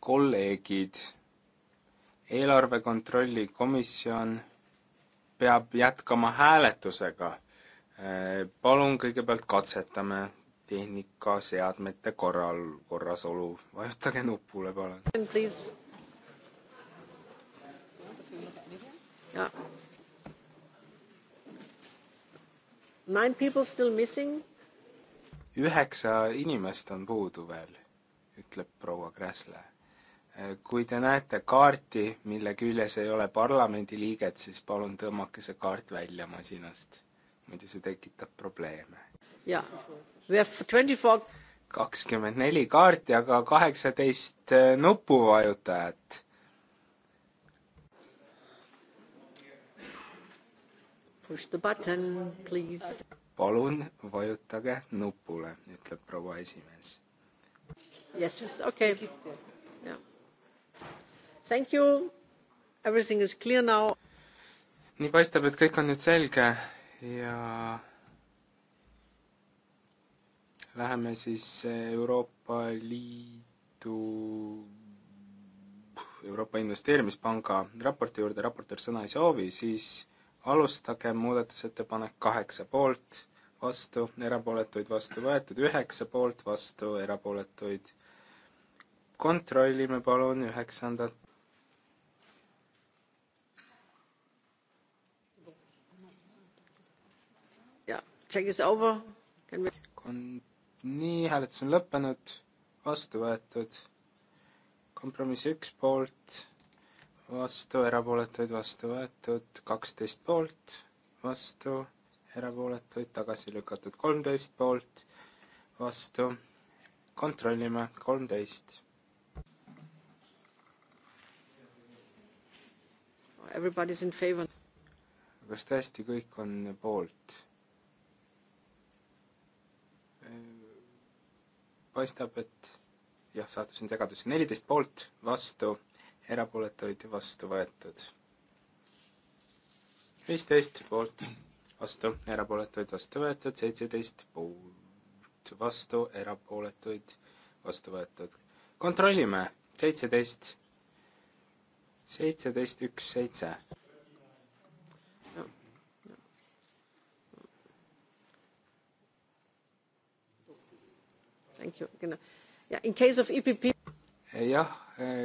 kolleegid, eelarve kontrolli komisjon peab jätkama hääletusega. Eh, palun kõigepealt katsetame tehnikaseadmete korral, korrasolu, vajutage nupule, palun. Yeah. Nine people still missing. üheksa inimest on puudu veel ütleb proua Gräzle. Äh, kui te näete kaarti, mille küljes ei ole parlamendiliiget, siis palun tõmmake see kaart välja masinast. muidu see tekitab probleeme. jaa, we have twenty four kakskümmend neli kaarti, aga kaheksateist äh, nupuvajutajat Push the button, please. palun vajutage nupule, ütleb proua esimees Yes, okay. Yeah. Thank you. Everything is clear now. nii paistab, et kõik on nüüd selge ja läheme siis Euroopa Liidu, Euroopa Investeerimispanga raporti juurde, raportöör sõna ei soovi, siis alustage muudatusettepanek kaheksa poolt, vastu, erapooletuid vastu võetud, üheksa poolt, vastu, erapooletuid kontrollime palun üheksandat. Kon-, nii, hääletus on lõppenud, vastu võetud. kompromiss üks poolt, vastu, erapooletuid vastu võetud, kaksteist poolt, vastu, erapooletuid tagasi lükatud, kolmteist poolt, vastu. kontrollime, kolmteist Everybody's in favor. kas tõesti kõik on poolt? paistab, et jah, sattusin segadusse, neliteist poolt, vastu, erapooletuid vastu võetud. viisteist poolt, vastu, erapooletuid vastu võetud, seitseteist poolt, vastu, erapooletuid vastu võetud. kontrollime, seitseteist seitseteist, üks, seitse. E eh, jah, eh,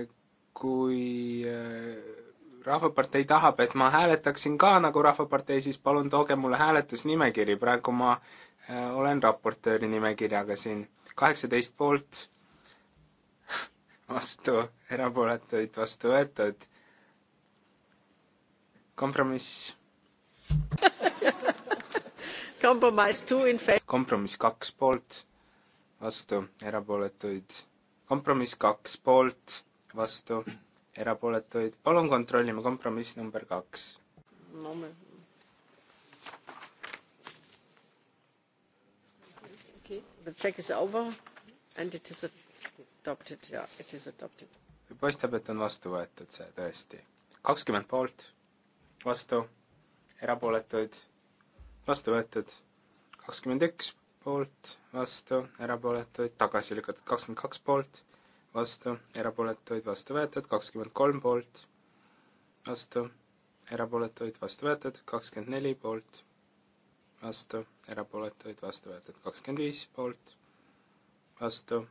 kui eh, Rahvapartei tahab, et ma hääletaksin ka nagu Rahvapartei, siis palun tooge mulle hääletusnimekiri, praegu ma olen raportööri nimekirjaga siin. kaheksateist poolt, vastu, erapooletuid vastu võetud kompromiss kompromiss kaks poolt, vastu, erapooletuid. kompromiss kaks poolt, vastu, erapooletuid. palun kontrollime kompromiss number kaks no,. Me... Okay. The check is over and it is adopted, jaa, it is adopted. paistab, et on vastu võetud see tõesti. kakskümmend poolt vastu, erapooletuid, vastu võetud. kakskümmend üks poolt, vastu, erapooletuid, tagasi lükatud. kakskümmend kaks poolt, vastu, erapooletuid, vastu võetud. kakskümmend kolm poolt, vastu, erapooletuid, vastu võetud. kakskümmend neli poolt, vastu, erapooletuid, vastu võetud. kakskümmend viis poolt, vastu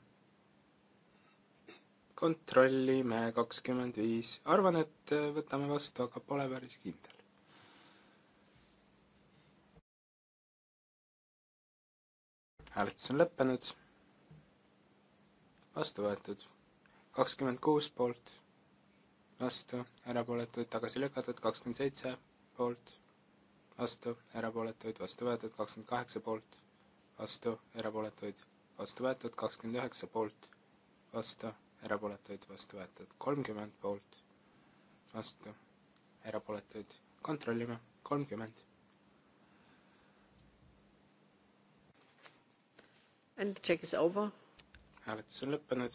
kontrollime, kakskümmend viis. arvan, et äh, võtame vastu, aga pole päris kindel. hääletus on lõppenud. vastu võetud. kakskümmend kuus poolt, vastu, erapooletuid tagasi lükatud, kakskümmend seitse poolt, vastu, erapooletuid vastu võetud, kakskümmend kaheksa poolt, vastu, erapooletuid vastu võetud, kakskümmend üheksa poolt, vastu erapooletuid, vastu võetud kolmkümmend poolt, vastu, erapooletuid, kontrollime, kolmkümmend. And the check is over. hääletus on lõppenud.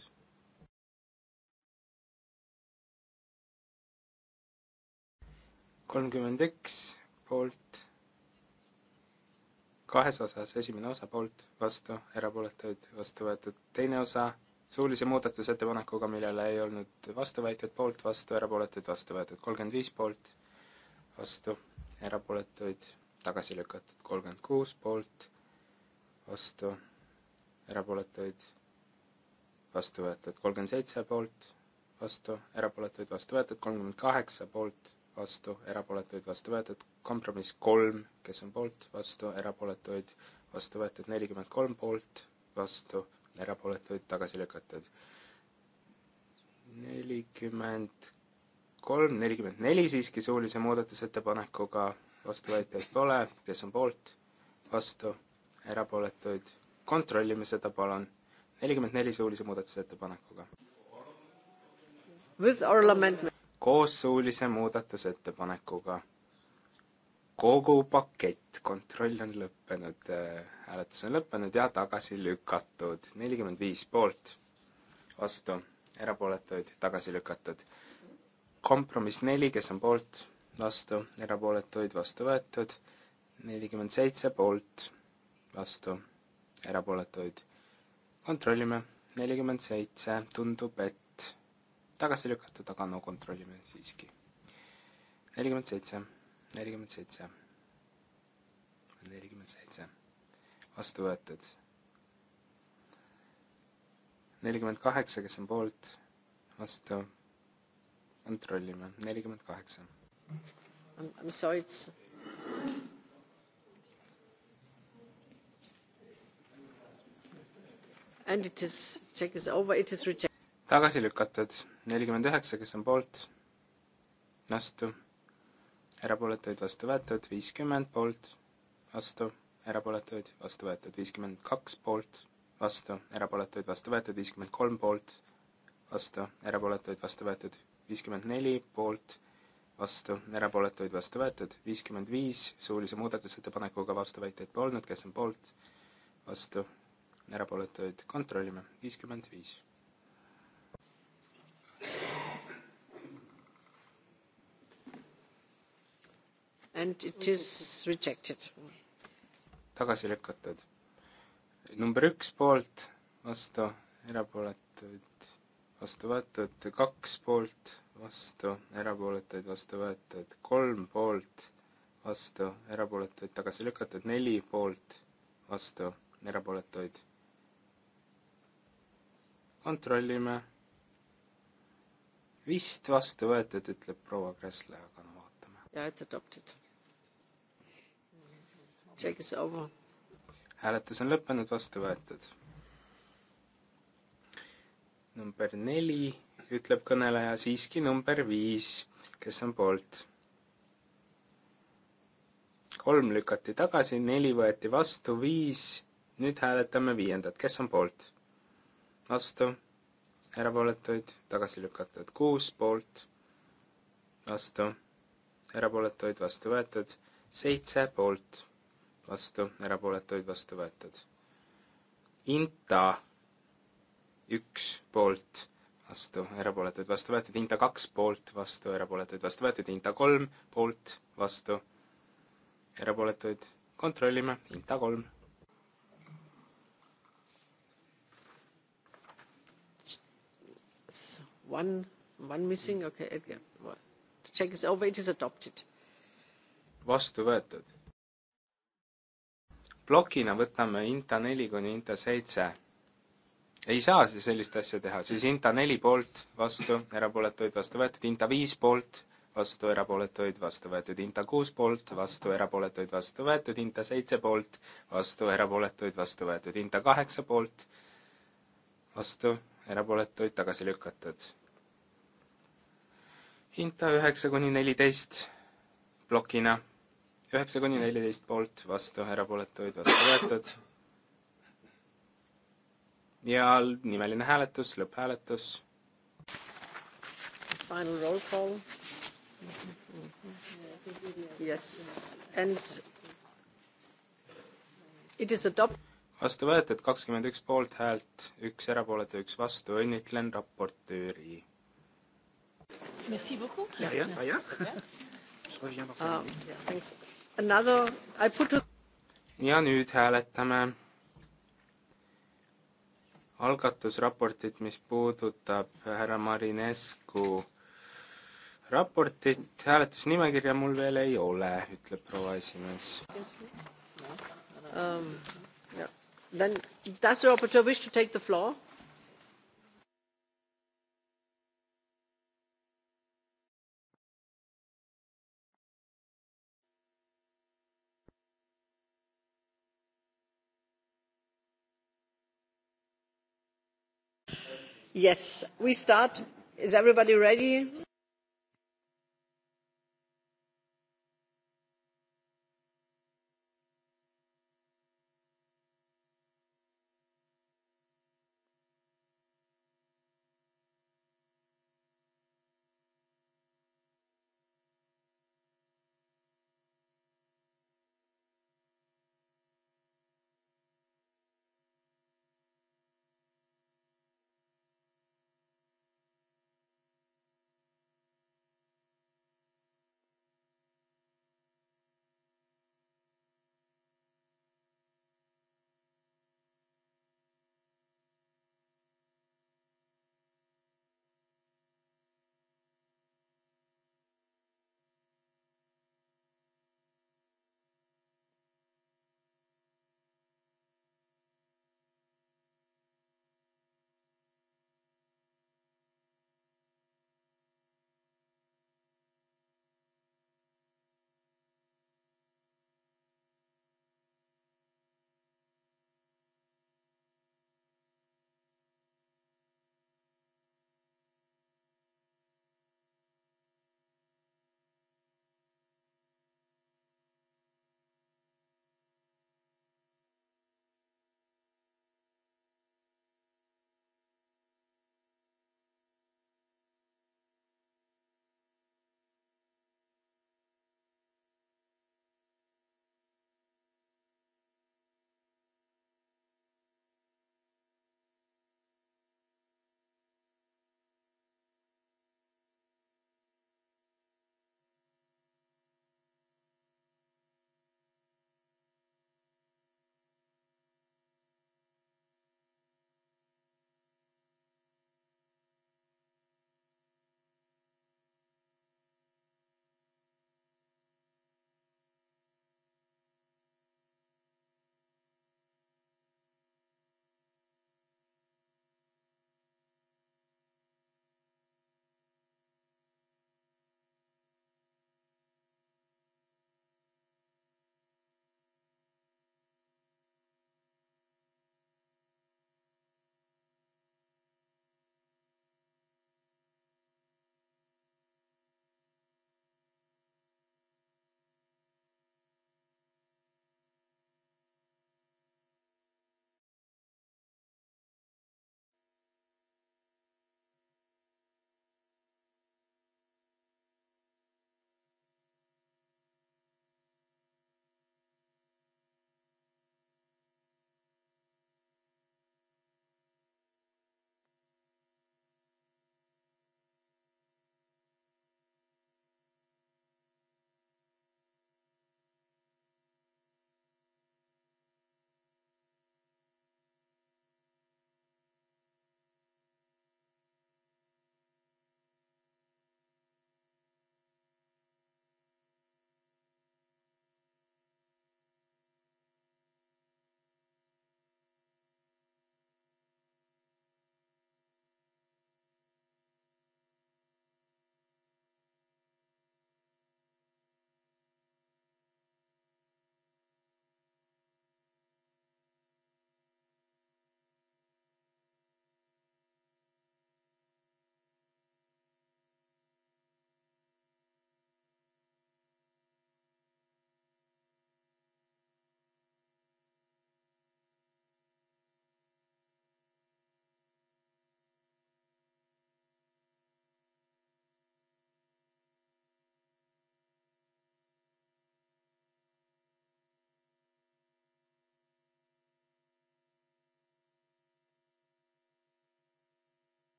kolmkümmend üks poolt, kahes osas, esimene osa poolt, vastu, erapooletuid, vastu võetud, teine osa suulise muudatusettepanekuga, millele ei olnud vastuväiteid, poolt, vastu, erapooletuid, vastu võetud kolmkümmend viis poolt, vastu, erapooletuid, tagasi lükatud kolmkümmend kuus poolt, vastu, erapooletuid, vastu võetud kolmkümmend seitse poolt, vastu, erapooletuid, vastu võetud kolmkümmend kaheksa poolt, vastu, erapooletuid, vastu võetud kompromiss kolm, kes on poolt, vastu, erapooletuid, vastu võetud nelikümmend kolm poolt, vastu erapooletuid tagasi lükatud. nelikümmend kolm, nelikümmend neli siiski suulise muudatusettepanekuga vastuvõetajaid pole, kes on poolt, vastu, erapooletuid, kontrollime seda, palun. nelikümmend neli suulise muudatusettepanekuga. koos suulise muudatusettepanekuga kogu pakett, kontroll on lõppenud, äh, hääletus on lõppenud ja tagasi lükatud. nelikümmend viis poolt, vastu, erapooletuid, tagasi lükatud. kompromiss neli, kes on poolt, vastu, erapooletuid, vastu võetud. nelikümmend seitse poolt, vastu, erapooletuid. kontrollime, nelikümmend seitse, tundub, et tagasi lükatud, aga no kontrollime siiski. nelikümmend seitse nelikümmend seitse, nelikümmend seitse, vastu võetud. nelikümmend kaheksa, kes on poolt, vastu, kontrollime, nelikümmend kaheksa. I m sorry, it's and it is, check is over, it is rejected. tagasi lükatud, nelikümmend üheksa, kes on poolt, vastu erapooletuid, vastu võetud, viiskümmend poolt, vastu, erapooletuid, vastu võetud, viiskümmend kaks poolt, vastu, erapooletuid, vastu võetud, viiskümmend kolm poolt, vastu, erapooletuid, vastu võetud, viiskümmend neli poolt, vastu, erapooletuid, vastu võetud, viiskümmend viis, suulise muudatusettepanekuga vastuväiteid polnud, kes on poolt, vastu, erapooletuid kontrollime, viiskümmend viis and it is rejected. tagasi lükatud. number üks poolt, vastu, erapooletuid, vastu võetud, kaks poolt, vastu, erapooletuid, vastu võetud, kolm poolt, vastu, erapooletuid, tagasi lükatud, neli poolt, vastu, erapooletuid. kontrollime. vist vastu võetud, ütleb proua Kressle, aga no vaatame. ja, et adopted check is over. hääletus on lõppenud, vastu võetud. number neli, ütleb kõneleja, siiski number viis, kes on poolt? kolm lükati tagasi, neli võeti vastu, viis, nüüd hääletame viiendat, kes on poolt? vastu, erapooletuid, tagasi lükatud, kuus poolt, vastu, erapooletuid, vastu võetud, seitse poolt vastu, erapooletuid vastu võetud. Inta üks poolt vastu, erapooletuid vastu võetud, Inta kaks poolt vastu, erapooletuid vastu võetud, Inta kolm poolt vastu, erapooletuid kontrollime, Inta kolm. One, one missing, okei okay,, Edgar. The check is over, it is adopted. vastu võetud plokina võtame INTA neli kuni INTA seitse. ei saa sellist asja teha, siis INTA neli poolt, vastu, erapooletuid, vastu võetud, INTA viis poolt, vastu, erapooletuid, vastu võetud, INTA kuus poolt, vastu, erapooletuid, vastu võetud, INTA seitse poolt, vastu, erapooletuid, vastu võetud, INTA kaheksa poolt, vastu, erapooletuid, tagasi lükatud. INTA üheksa kuni neliteist plokina üheksa kuni neliteist poolt, vastu, erapooletuid, vastu võetud. ja nimeline hääletus, lõpphääletus. Final roll call mm. -hmm. Yes and it is adopted vastu võetud kakskümmend üks poolthäält, üks erapooletu, üks vastu, õnnitlen raportööri. Merci beaucoup. Ja, ja, ja, ja. Je reviens dans cinq ah, minutes ja nüüd hääletame algatusraportit, mis puudutab härra Marinescu raportit. hääletusnimekirja mul veel ei ole, ütleb proua esimees. Um, yeah. Then does the rapporteur wish to take the floor? yes we start is everybody ready?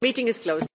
meeting is closed.